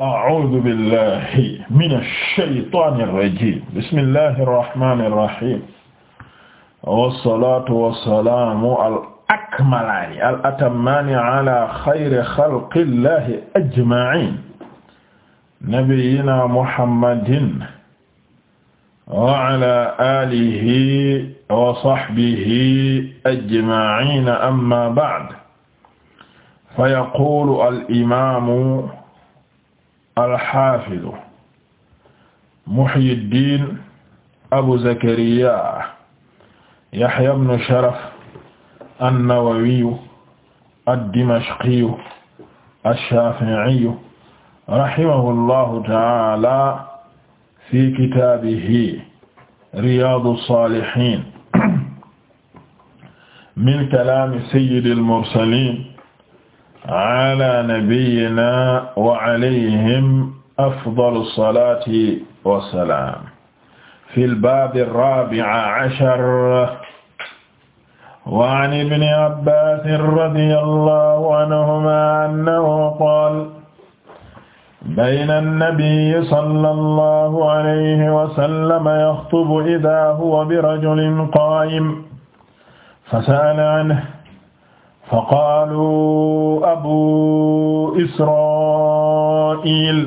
a'uuzu billaahi mina shaytaani rajiim bismillaahi rahmaani rahiim wassalaatu wassalaamu al-akmalaani al-atammaani alaa xayri xalqillaahi ajma'iin nabiyyinaa muhammadin wa alaa aalihi wa sahbihi ajma'iin ammaa ba'd fa yaquulu al-imaamu alxafidu muhyiddin abu zakariya yahya ibn sharaf annawawiyu addimashqiyu alshaafiiyu rahimahu allahu taala fi kitaabihi riyaadu saalihiin min kalaami sayyidil mursaliin ala nabiyyina wa alayhim afdalu salaati wa salaam. fil baabi raabi'a ashar. wa an ibni abbaasin radiyallaahu anhumaa annahu qaala. bayna nabiyyi sallallaahu alayhi wa sallam yaxtubu idhaa huwa birajulin qaa'im. fasa'ala anhu faqaalu abu israa'il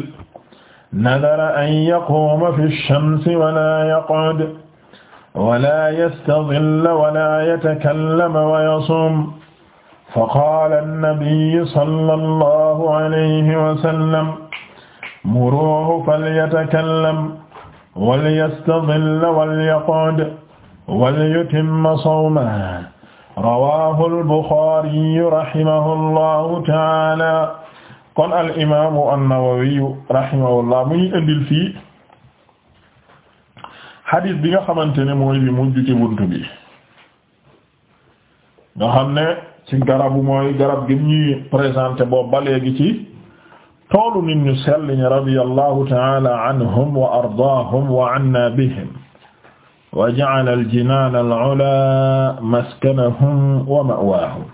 nadara an yaquuma fi shamsi wala yaq'ud wala yastadilla wala yatakallama wa yasuum faqaala nabiyyu sallallahu alayhi wa sallam muruuhu falyatakallam walyastadilla walyaq'ud walyutimma sawmahu rawaahu al-Buxaari rahimahullahu taala kon al-imaamu an-Nawawi rahimahullah muy indil fii xadis bi nga xamante ne mooy bi mujj ci bunt bi nga xam ne ci garabu mooy garab gi ñuy présenté boobu ba léegi ci toolu nit ñu sell ñi radiyallahu taala anhum wa ardaahum wa anna bihim wa ja'ala al-jinaan al-'ulaa maskanahum wa ma'waahum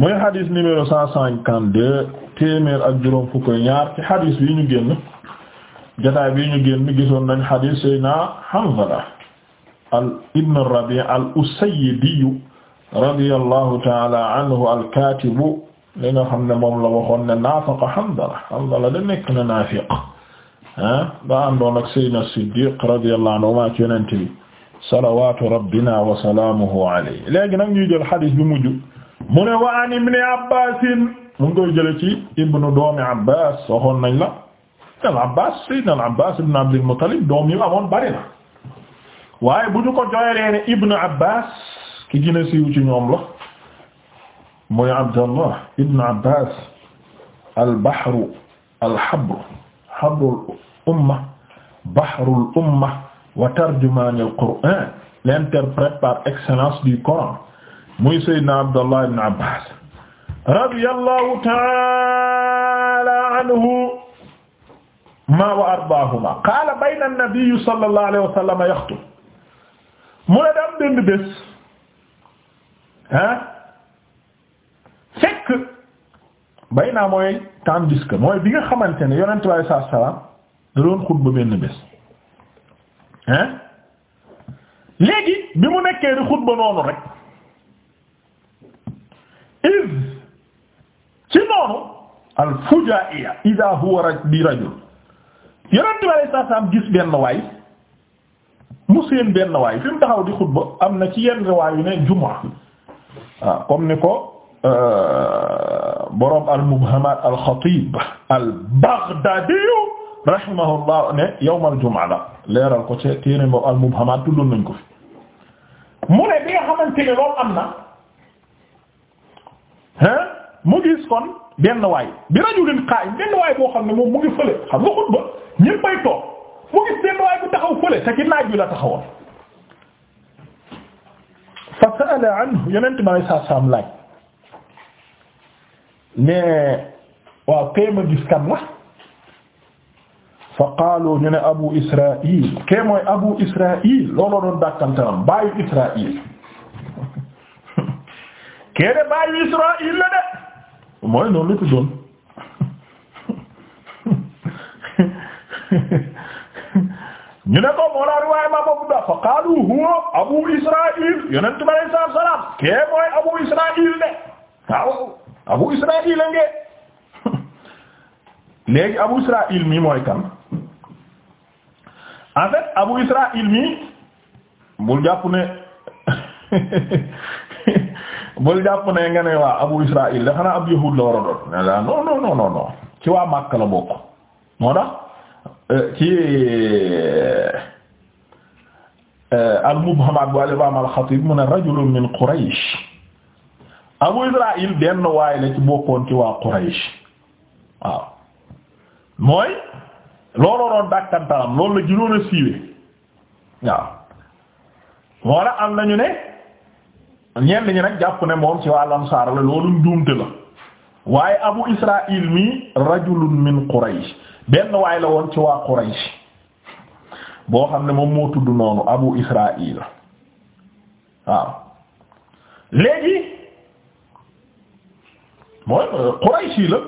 muy xadis numéro cent cinquante-deux téeméer ak juróom fukk ñaar ci xadis bi ñu génn jotaay bi ñu génn gisoon nañ xadis Seydina Hanzala ibn Rabi' al-Usayyidi radiyallahu ta'ala anhu al-kaatib li nga xam ne moom la waxoon ne naafaqa Hanzala Hanzala da nekk na naafiq ah daa àndoon ak Seydina Siddiq radiyallahu anhu maa ci yonent bi salawaatu rabbina wa salaamuhu alayhi léegi nag ñuy jël xadis bi mujj mu ne wa an ibni abbasin mu ngi koy jële ci ibnu doomi abbas waxoon nañ la al abbas sayyidna al abbas ibn abdul muttalib doom yi amoon bari na waaye bu ñu ko jooyalee ne ibnu abbas ki gën a siiw ci ñoom la mooy abdallah ibnu abbas al bahru al habru habrul umma bahrul umma wa tarjumaanul qur'aan l'interprète par excellence du Coran muy Seydina Abdallah ibn Abbas radiyallahu ta'ala anhu ma wa ardaahuma qaala bayna an-nabiyyi sallallahu alayhi wa sallam yaxtub mu ne daam dënd bés ah fekk bay naa mooy tandis que mooy bi nga xamante ne yonent bi sallallahu alayhi wasallam da doon xutba benn bés hein léegi bi mu nekkee di xutba noonu rek iz ci noonu al fujaiya ida huwa bi rajul yonent bi sallallahu gis benn waay mu seen benn waay fi taxaw di xutba am na ci yenn riwaay ne jumaa waaw comme ni ko Euh, borom al-Mubhamaat al-Xatiib al-Baghdaadiyu rahimahullah ne yawmal jumaa la leeral ko ci téere moom al-Mubhamaat tuddoon nañ ko fi mu ne bi nga xamante ne loolu am na ah mu gis kon benn waay bi rajulin qaa'im benn waay boo xam ne moom mu ngi fële xam nga xutba ñëpp bay toog mu gis benn waay bu taxaw fële te ci naaj bi la taxawoon. Fa sa'ala anhu Yonent bi sallallahu alayhi wa sallam laaj. ne waaw kéema gis kan la fa qaalu ne abu israil kee mooy abu israil looloo doon dàkkantaram baayu israil kee de baayu israil la de mooy noonu lu tuddoon ñu ne ko moo la riwaaya ma boobu da fa huwa abu israil yonent bi alayhi salaam kee mooy abu israil de abu israil a nge léegi abu israil mi mooy kan en fait abu israil mi bul jàpp ne bul jàpp ne nga ne waa abu israil da xanaa ab yahud la war a doon ne la non ci waa Makka la bokk moo tax euh, ci euh, al mubhamaat bu al imam al xatib mu ne rajulun min quraish abu israil benn waay la ci bokkoon ci waa Quraysh waaw mooy looloo doon dàkkantalam loolu la gënoon a siiwe waaw moo la am nañu ne ñenn ñi nag jàpp ne moom ci waa Ansaar la loolu njuumte la waaye abu israil mi rajulun min Quraysh benn waay la woon ci waa Quraysh boo xam ne moom moo tudd noonu abu israil waaw léegi mooy euh, Qurayshi la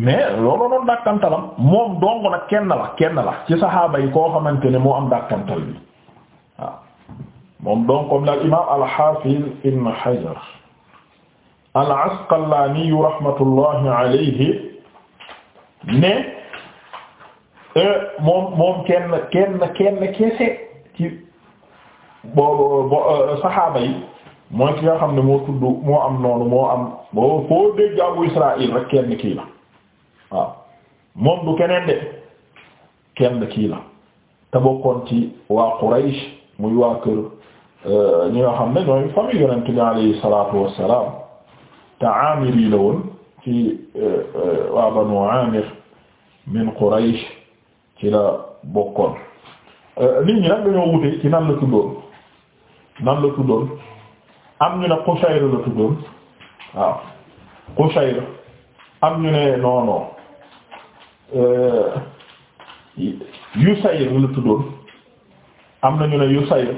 mais looloo doon dàkkantalam moom dong nag kenn la kenn la ci saxaaba yi koo xamante ne moo am dàkkantal bi waaw moom donc comme la imaam al-Hafiz Ibn Hajar al-Asqalani rahmatullahi alayhi ne euh, moom moom kenn kenn kenn ci bo euh, yi. mooy ki nga xam ne moo tudd moo am noonu moo am boo foo dégg abu Israël rek kenn kii la waaw moom du keneen de kenn kii la te bokkoon ci waa Quraysh muy waa kër euh, ñi nga xam ne ñooy famille yonent bi alayhi salaatu la woon euh, euh, nit ñi nag dañoo wute ci nan la tuddoon nan la tuddoon am ñu ne Qushayr la tuddoon waaw Qushayr am ñu ne non non euh, Yusayr la tuddoon am na ñu ne Yusayr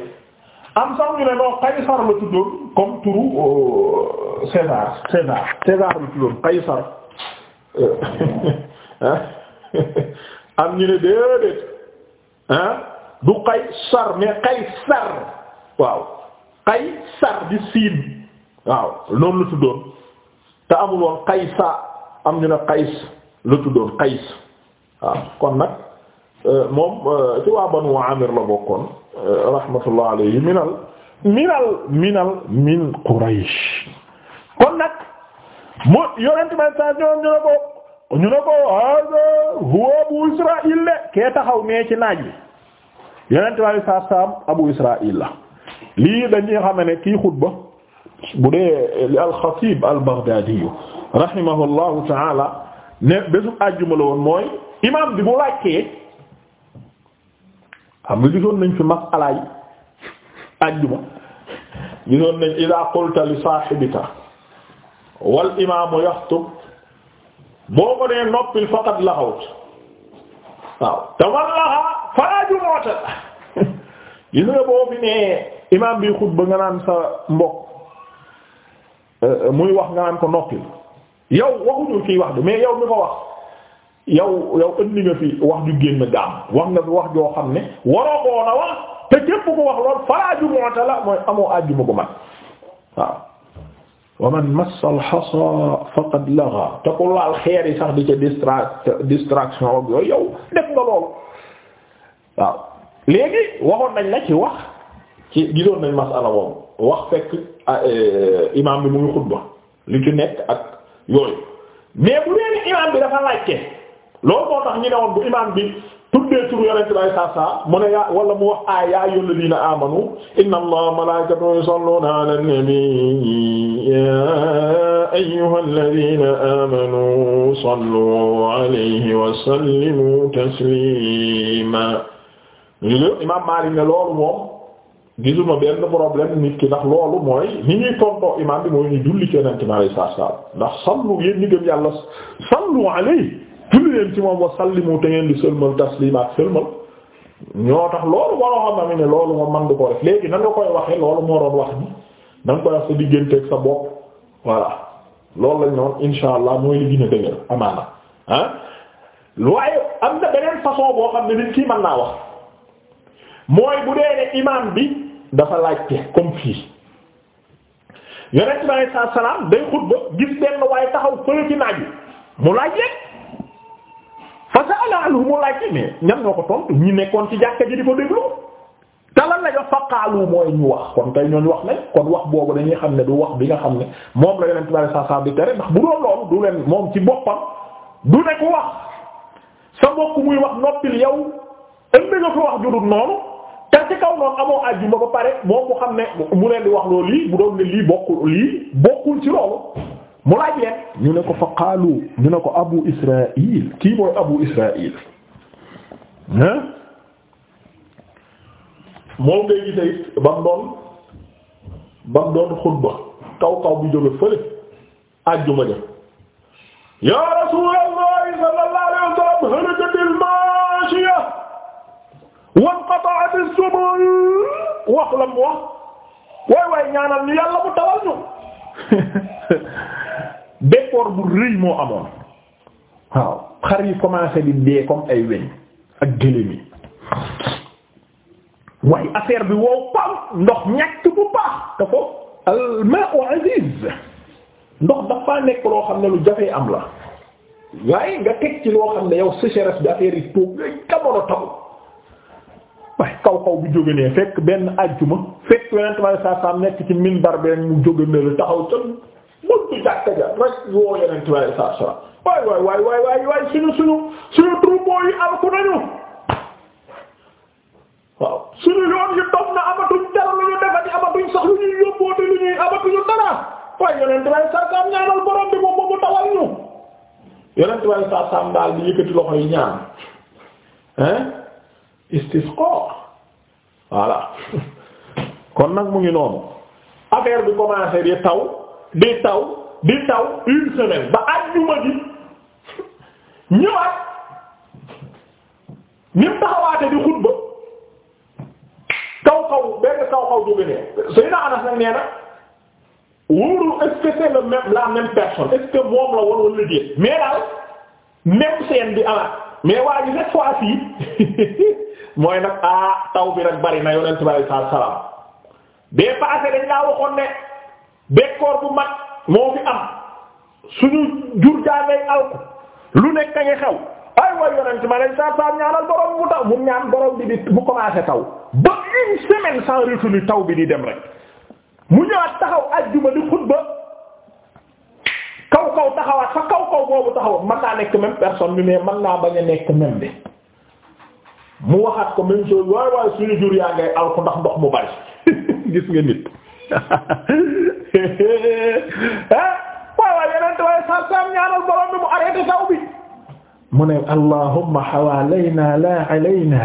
am sax ñu ne non Qaysar la tuddoon comme turu euh, César César César la tuddoon Qaysar euh, am ñu ne déedéet ah du Qaysar mais Qaysar waaw. Qaysar di siin waaw loolu la tuddoon te amul Qaysa am ñu ne Qays la tuddoon Qays waaw kon nag euh, moom euh, ci waa Banu Amir la bokkoon euh, rahmatullah alayhi minal minal minal min Quraysh kon nag mu yorenti may saa ñu ne ko ñu ne ko hada huwa Abu Israil le kee taxaw nee ci naaj wi yorenti may saa saam Abu Israil la lii dañuy xam ne kii xutba bu dee li al-Xatiib al-Baghdaadi rahimahullahu ta'ala ne bésub àjjuma la woon mooy imaam bi bu wàccee xam nga gisoon nañ fi masalaay àjjuma gisoon nañ idaa qulta li boo ko nee noppil faqad laxawt waaw te wallaha falaa jumu'ata gis nga boo nee imaam bi xutba nga naan sa mbokk euh, muy wax nga naan ko noppi yow waxuñu kii wax de mais yow mi ko wax yow yow indi nga fi wax ju génn gaam wax nga fi wax joo xam ne waroo ko woon wax te képp ko wax lool faraaju moota la mooy amoo àjjuma ko man waaw wa man massa al-hasa faqad te ku laal xeer sax di ca distraction ak yooyu yow def nga loolu waaw léegi waxoon nañ la ci wax ci gisoon nañ masala woom wax fekk ah, eh, imaam bi mu xutba li ci ak yooyu mais bu imaam bi dafa laajte loolu moo tax ñu ne imaam bi tuddee turu yonent bi saa saa mu ne yaa wala mu wax aay yaa ayyuhal ladiina inna allaha malaa'ikatahu yusalluuna 'alan nabiyyi yaa ayyuhal ladiina aamanu sallu 'alayhi wa sallimu tasliima imaam Maalik ne loolu moom gisuma benn problème nit ki ndax loolu mooy ni ñuy tontoo imaam bi mooy ñu julli ci yonent mi alayhi salaatu salaam ndax sallu yéen ñi gëm yàlla sallu alayhi julli leen ci moom wa sallimu te ngeen di sëlmal tasliim sëlmal ñoo tax loolu waroo xam ne loolu ma man du ko def léegi nan nga koy waxee loolu moo doon wax ni nan koy wax sa digganteeg sa bopp voilà loolu lañ noon insha allah mooy li gën a dëgër amaana ah waaye am na beneen façon boo xam ne nit kii mën naa wax. mooy bu dee ne imaam bi dafa laajte comme fii yonent bi alayhi salaatu salaam day xutba gis benn waaye taxaw fële ci naaj mu laaj leen fa sa'ala anhu mu laaj leen mais ñam ñoo ko tontu ñi nekkoon ci jàkka ji di ko déglu te lan la jox mooy ñu wax kon tey ñooñu wax nañ kon wax boobu dañuy xam ne du wax bi nga xam ne moom la yonent bi alayhi salaatu salaam di tere ndax bu doon loolu du leen moom ci boppam du ne ko wax sa mbokk muy wax noppil yow ënd nga noonu. te ci kaw noonu amoo àjjuma ba pare moom mu xam ne mu leen di wax loolu lii bu doon ne lii bokkul lii bokkul ci loolu mu laaj leen ñu ne ko fa qaalu ñu ko abu israil kii mooy abu israil hein moom ngay gise it doon ba doon xutba kaw kaw bu jóge fële àjjuma ja ya rasulallah sallallahu alayhi wasallam halakat al maashiya wanqata'at as-subul wax la mu wax waay ñaanal ñu yàlla mu tawal ñu bekkoor bu rëy moo amoon waaw xar yi commencé di dee comme ay weñ ak gëléem yi waaye affaire bi wow pam ndox ñàkk bu baax te ko al-ma'u aziz ndox dafa nekk loo xam ne lu jafee am la waaye nga teg ci loo xam ne yow sécheresse bi affaire yi toog ngay jamono taw waaye kaw kaw bu jóge nee fekk benn ajjuma fekk yonent bi sallallahu nekk ci minbar benn mu jóge ne taxaw ca buntu suñu suñu suñu troupeau yi nañu suñu yoon yu dox na amatuñ dara lu ñu defati amatuñ sax lu ñuy yóbboote lu ñuy amatuñu dara waaye yonent bi sallallahu alayhi wasallam ñaanal borom mu tawal ñu yonent bi sallallahu daal di yëkkati loxo yi ñaan hein istisqa voilà kon nag mu ngi noonu affaire bi commencé di taw di taw di taw une semaine ba àjjuma ji ñëwaat ni mu taxawaate di xutba kaw kaw benn kaw kaw jóge ne Seydina Anas na wóorul est-ce que c'est le même la même personne est moom la woon wala déet mais daal seen bi amaat mais waa ji cette fois-ci mooy nag ah taw bi nag bari na yonent bi alayhi salaam bee passé dañ laa waxoon ne bekkoor bu mag moo fi am suñu jur jaangay alku lu nekk a ngi xew ay way yonent bi alayhi salaam ñaanal borom mu bi di mu commencé taw ba taw bi di dem mu ñëwaat taxaw ajjuma di taxaw mën naa nekk même personne bi mais mën naa bañ a nekk même mu waxaat ko même chose waay waay suñu jur yaa ngay al ko ndax ndox mu bari gis nga nit ah waay waay yeneen waay sa sam ñaanal borom bi mu arrêté taw bi mu ne allahumma hawalayna ah, la alayna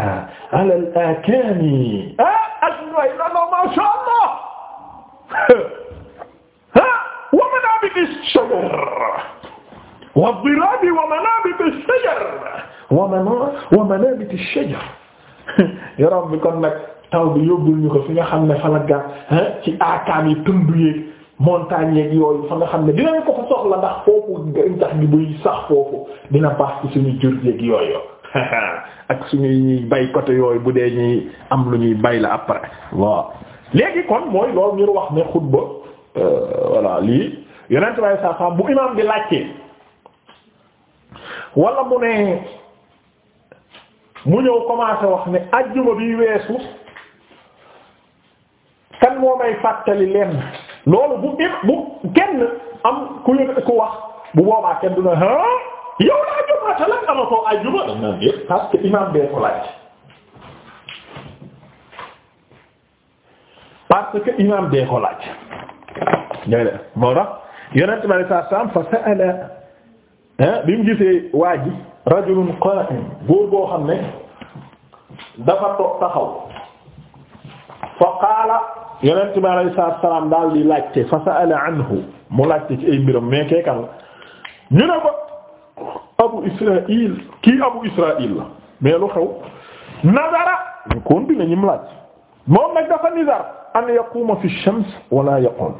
ala al akani ah ak ñooy lano ma sha Allah ah wa manabit ash-shajar wa dhirabi wa manabit ash-shajar wa mana wa manabit ash-shajar yaram bi kon nag taw bi yóbbul ñu ko fi nga xam ne fa la ci aakaam yi tund yeeg montagne yeeg yooyu fa nga xam ne dinañ ko fa soxla ndax foofu gàncax gi sax foofu dina suñu jur yeeg yooyu ak suñuy ñuy bay côté yooyu bu dee ñuy am lu ñuy bay la après waaw léegi kon mooy lool ñu wax ne xutba euh, voilà lii yonent bi saa saa bu imaam bi mu ne mu ñëw commencé wax ne ajjuma bi weesu kan moo may fàttali lenn loolu bu bu kenn am ku yëg ku wax bu boobaa kenn du na yow laa ajjuma te lan amatoo ajjuma parce que imam bee ko laaj parce que moo tax yonent bi sallallahu alayhi wasallam fa sa'ala bi mu gisee waa ji rajulun qa'im góor boo xam ne dafa toog taxaw fa qaala yonent bi alayhi salaatu salaam daal di laajte fa sa'ala anhu mu laajte ci ay mbiram mais keekal ñu ne ba abu israil kii abu israil la mais lu xew nazara ñu continuer ñi mu laaj moom nag dafa nizar an yaquma fi shams wala yaqum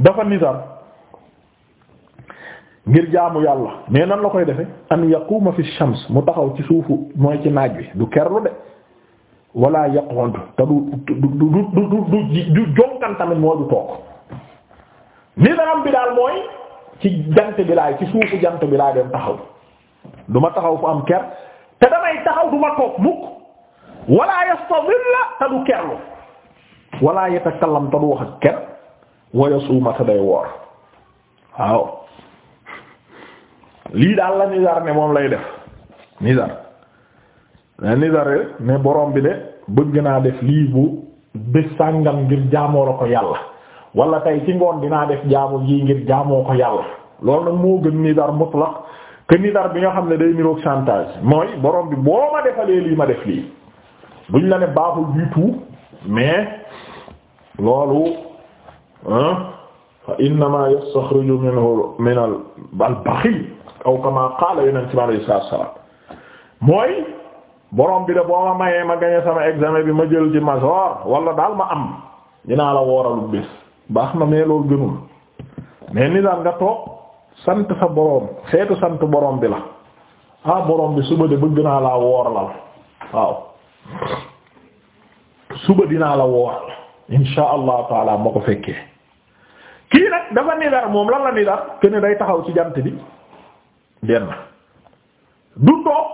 dafa nizar ngir jaamu yàlla mais nan la koy defe an yaquma fi shams mu taxaw ci suufu mooy ci naaj wi du kerlu de wala yaqond te du du du du du jonkan du toog ni naam bi daal mooy ci jant bi laay ci suufu jant bi laay dem taxaw du ma taxaw fu am ker te damay taxaw du toog mukk wala yastadilla te du kerlu wala yatakallam te du wax ak ker wa yasuuma te day woor waaw lii daal la nizar ne moom lay def nizar la nizar ne borom bi de bëgg naa def lii bu bés sàngam ngir jaamoo la ko yàlla wala tey ci ngoon dinaa def jaamu jii ngir jaamoo ko yàlla loolu nag moo gën nizar mutlaq que nizar bi nga xam ne day niroog chantage mooy borom bi boo ma defalee lii ma def lii buñ la ne baaxul du tout mais loolu ah fa innama yastaxriju minhu min al baxil aw kama qaala yonent bi alayhi salaatu salaam mooy borom bi de boo ma mayee ma gañe sama examen bi ma jël ci major wala daal ma am dinaa la wooralu bés baax na mais loolu gënul mais ni daal nga toog sant sa borom xeetu sant borom bi la ah borom bi suba de bëgg naa laa wooralal waaw suba dinaa la wooral insha allahu taala ma ko fekkee kii nag dafa nidar moom lan la nidar kenn day taxaw ci jant bi benn du toog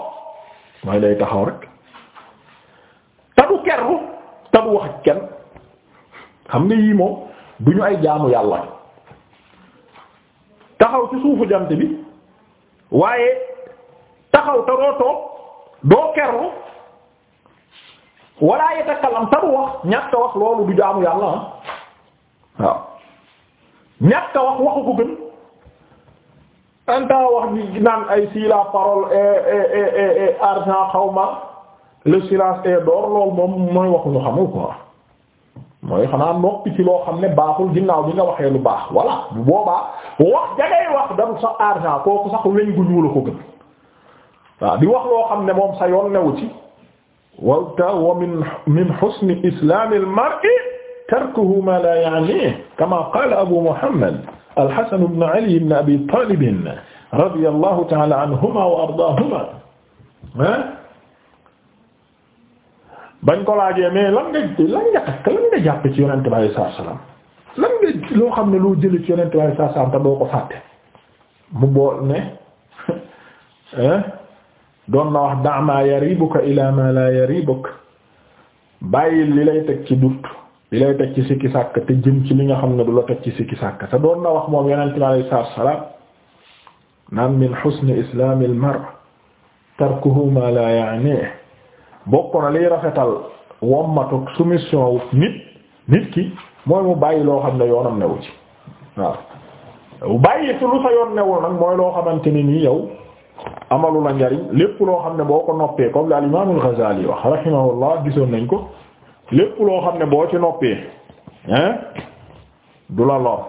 mooy day taxaw rek te kerru te wax ak kenn xam nga yii moom du ñu ay jaamu yàlla taxaw ci suufu jant bi waaye taxaw te doo toog doo kerru walla yatakalam te du wax ñàkk a wax loolu du jaamu yàlla ah. waaw ñàkk a wax waxu ko gën anta wax ji naan ay si la parole et argent xawma le silence est d'or moom mooy wax xamul quoi mooy xanaa noppi loo xam ne baaxul ginnaaw bi nga waxee lu baax voilà bu boobaa wax jagee wax daru sax argent kooku sax weñ gu ñuul ko gën waaw di wax loo xam ne moom sa yoon newu ci wawta wa min min husni islamil mar'i tarkuhu ma la ya'nihi kama qala abu muhammad al-hasan ibn ali ibn abi talib radiyallahu ta'ala anhuma wa ardaahuma bañ ko laajee mais lan nga lan nga takk lan nga jàpp ci yonent bi alayhi salaam lan nga loo xam ne loo jëlee ci yonent bi alayhi salaam te doo ko fàtte mu bool ne eh? doon na wax da'ma yaribuka ila ma la yaribuka bàyyi li lay teg ci dut bi lay teg ci sikki sàkk te jëm ci li nga xam ne du la teg ci sikki sàkk te doon na wax moom yonent bi alayhi salaatu salaam naan min husni islaami al tarkuhu ma la ya'nihi li na liy rafetal wommatuk soumission wu nit nit ki mooy mu bàyyi loo xam ne yoonam newu ci waaw bàyyi ci lu sa yoon newul nag mooy loo xamante ni nii yow amalu la njariñ lépp loo xam ne boo ko noppee comme l'imam al-Ghazali wax rahimahullah gisoon nañ ko lépp loo xam ne boo ci noppee hein du la lor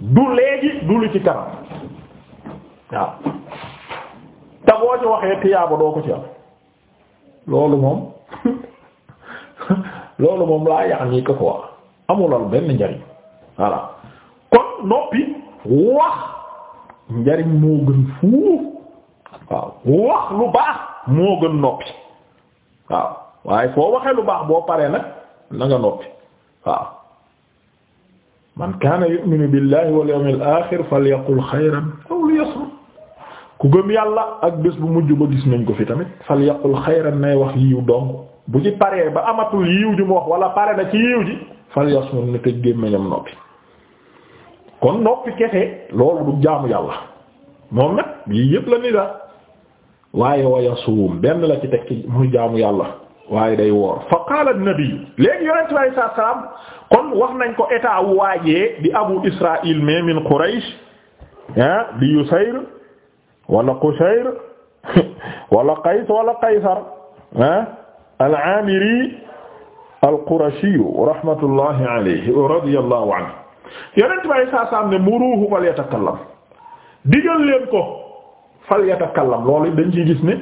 du léegi du lu ci kanam waaw te boo ci waxee tiyaaba doo ko ci am loolu moom loolu moom laa yàq nii ko ko wax amulal benn njariñ voilà kon noppi wax njariñ moo gën fuuf waaw wax lu baax moo gën noppi waaw waaye foo waxee lu baax boo paree nag na nga noppi waaw man kaana yu'minu billahi wal yawmil aaxir falyaqul xayran aw liyasmut ku gëm yàlla ak bés bu mujj ba gis nañ ko fi tamit falyaqul xayran nay wax yiw donc bu ci paree ba amatul yiw ji mu wax wala pare na ci yiw ji falyasmut ne tëj gémmiñam noppi kon noppi kese loolu du jaamu yàlla moom nag yii yépp la ni daal waaye waya suum benn la ci tekki muy jaamu yàlla waaye day woor fa qaala an-nabi léegi yonent bi alayhi salaatu salaam kon wax nañ ko état wu waajee di abu israil mais min quraysh ah di yusayr wala qushayr wala qays wala qaysar ah al-aamiri al-qurashi rahmatullahi alayhi wa radiyallahu anhu yonent bi alayhi salaatu salaam ne muruuhu fal yatakallam digal leen ko fal yatakallam loolu dañ ciy gis ne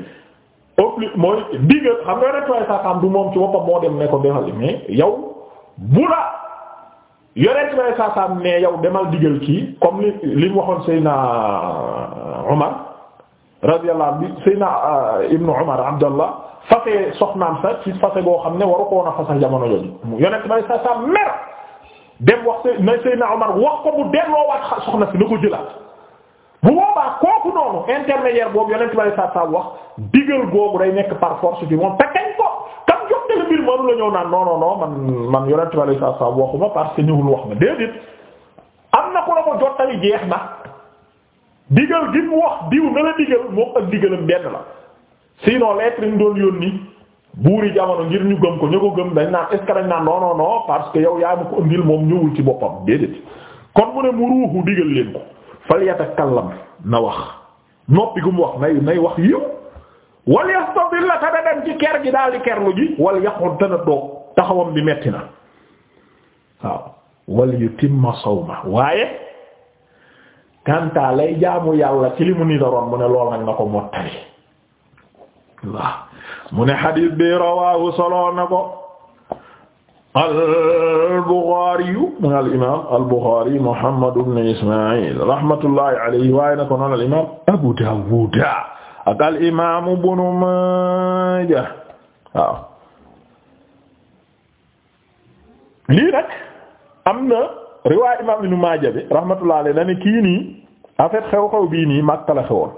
obli mooy digal xam nga retway sa du moom ci boppam moo dem ne ko defal mais yow bu la yonent bi ne yow demal digal kii comme li li mu waxoon Seyna Omar radiyallahu anhu Seyna euh, Ibnu Omar Abdallah fase soxnaam sa ci fase boo xam ne waru ko woon a fase jamono jooju yonent bi saa mer dem wax Seyna Omar wax ko bu delloowaat soxna si na ko jëlaat. bu boobaa kooku noonu intermédiaire boobu yonent bi saa saa wax digal googu day nekk par force bi moom te kañ ko kam jottali mbir moom la ñëw naan non non non man man yonent bi saa saa waxuma parce que ñëwul wax ma déedéet am na ku la ko jottali jeex na digal gi mu wax diw na la digal moom ak digalam benn la sinon lettre ñu doon yónni buuri jamono ngir ñu gëm ko ñu ko gëm dañ naan est ce que naan non parce que yow yaa ma ko indil moo ñëwul ci boppam déedéet kon mu a yatakallam na wax noppi gu mu wax nay nay wax yiw wal yastadil la te dem ci ker gi daal di kerlu ji wal yaqut te na toog taxawam bi metti na waaw wal yutimma sawma waaye kanta lay jaamu yàlla ci li mu ni daroon mu ne lool nag na ko mottali waaw mu ne xadiis bi rawaahu solo na ko al-Bukhariyu mu al-imaam al-Bukhari Muhammad ibn Isma'il rahmatullahi alayhi waaye na ko noonu al-imaam Abu Dawud ak al-imaam Ibn Maaja waaw. lii nag am na riwaay imaam Ibn Maaja bi rahmatullahi alayhi dañu ne kii nii en fait xew-xew bii nii Makka la xewoon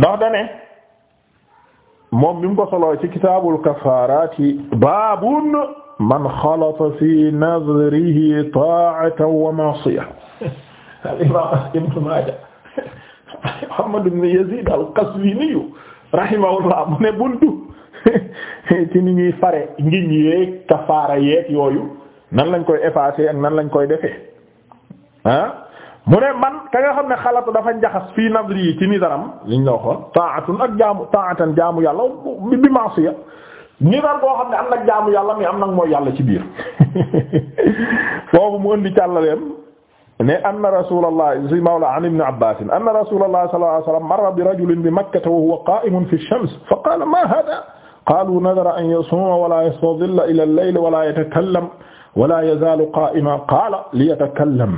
ndax dañu ne moom mi mu ko solo ci kitaabul kafaaraati baabun man xalata fi nadrihi taa'atan wa ma'siya al-imaam ibnu Maaja Muhammad ibn Yaziid al-Qazwiini rahimahullah mu ne buntu ci ni ñuy fare ngiñ yeeg kafaara yeeg yooyu nan lañ koy effacer ak nan lañ koy defee ah mu ne man ka nga xam ne xalatu dafa njaxas fii nadri yi ci nidaram liñ la waxoon taatun ak jaamu taatan jaamu yàlla bi maasiya nidar boo xam ne am nag jaamu yàlla mi am nag mooy yàlla ci biir foofu mu indi càllaleem ne anna rasulullah si mawla an ibn abbas anna rasulullah sallallahu alayhi wasallam marra bi rajulin bi makkata wa huwa qa'imun fi shams fa qala ma hada qalu nadara an yasuma wala yastadilla ila al-layl wala yatakallam wala yazalu qa'iman qala liyatakallam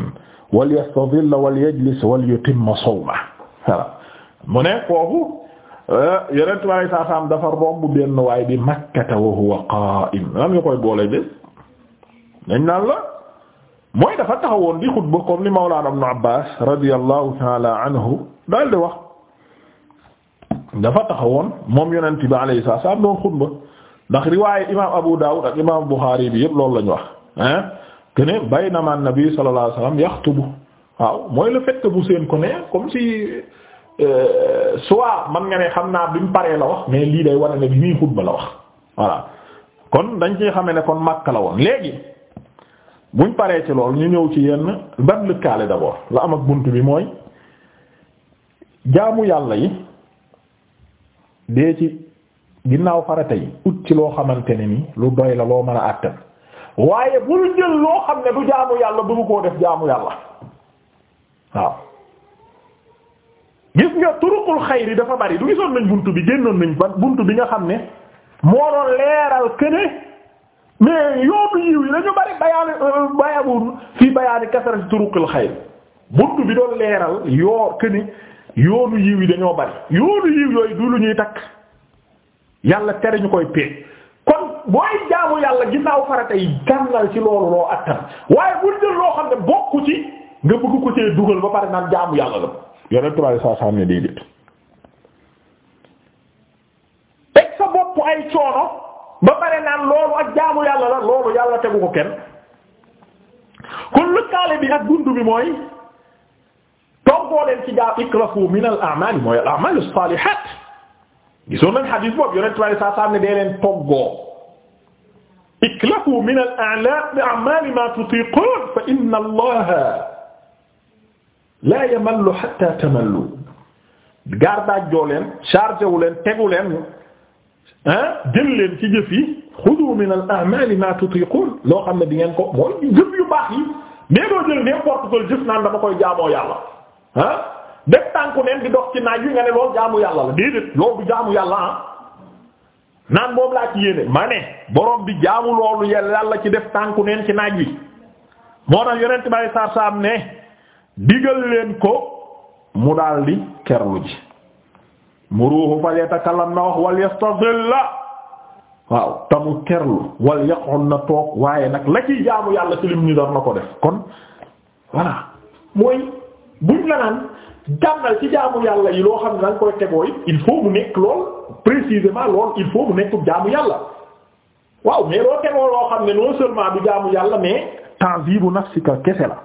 wal yastadilla wal yajlis wal yutimma sawma voilà mu ne kooku euh, yonent bi saa saam dafa romb benn waay bi makkata wa huwa qaa'im lan nga koy boole de dañ naan la mooy dafa taxawoon di xutba comme li Mawlaana Ibn Abbaas radiyallahu ta'ala anhu daal di wax dafa taxawoon moom yonent bi alayhi salaam doon xutba ndax riwaaye imaam Abu Daawud ak imaam Buxaari bi yëpp loolu lañu wax ah. kene baynama nabi sallallahu alayhi wasallam yaxtubu waaw mooy le fait bu seen ko ne comme si euh, soit man nga ne xam naa bi mu paree la wax mais lii day wane ne bi muy xutba la wax voilà kon dañ ci xamee ne kon Makka la woon léegi buñ paree ci loolu ñu ñëw ci yenn ban lëkkaale d'abord la am ak bunt bi mooy jaamu yàlla yi dee ci ginnaaw farata yi ut ci loo xamante ne ni lu doy la loo mën a àttan waaye bul jël loo xam ne du jaamu yàlla bëgg koo def jaamu yàlla waaw gis nga turuqul xayri dafa bari du gisoon nañ bunt bi génnoon nañu ba bunt bi nga xam ne moo doon leeral këne mais yoobu yiw yi dañu bari bayaani bayabu yoonu yiw yi dañoo bari yoonu yiw yooyu du lu ñuy takk yàlla tere ñu koy peeg ginnaaw farata yi gànnal ci loolu loo attan waaye bul jël loo xam ne bokku ci nga bëgg ko cee dugal ba pare naan jaamu yàlla la yonent bi saa saa ne déedéet teg sa bopp ay coono ba pare naan loolu ak jaamu yàlla la loolu yàlla tegu ko kenn kon lëkkaale bi ak buntu bi mooy tonkoo leen ci jaamu ikrafu min al a'mal mooy al a'mal as-salihat gisoon nañ xadiis boobu yonent saa saa ne dee leen toggoo iklafu min al-a'la bi a'mali ma tutiqun fa inna allaha la yamallu hatta tamallu gardaaj joo leen chargé wu leen tegu leen ah jël leen ci jëf yi xudu min al a'mal ma tutiqun loo xam ne di ngeen ko mooy jëf yu baax yi mais doo jël n'importe quel jëf naan dama koy jaamoo yàlla ah def tànku neen di dox ci naaj wi nga ne loolu jaamu yàlla la déedéet loolu du jaamu yàlla ah naan moom laa ci yéene ma ne borom bi jaamu loolu yàlla ci def tànku neen ci naaj wi moo tax yonent bay saab-saab ne digal leen ko mu daldi kerlu ji mu ruuxu fal yatakallam na wax wal yastadil la waaw tamu kerlu wal yaqon na toog waaye nag la ciy jaamu yàlla ci lim ni dar na ko def kon voilà mooy buñ la naan jàmnal ci jaamu yàlla yi loo xam ne danga koy tegooy il faut mu nekk lool précisément loolu il faut mu nekk jaamu yàlla waaw mais loo tegoo loo xam ne non seulement du jaamu yàlla mais tanzibu nafsika kese la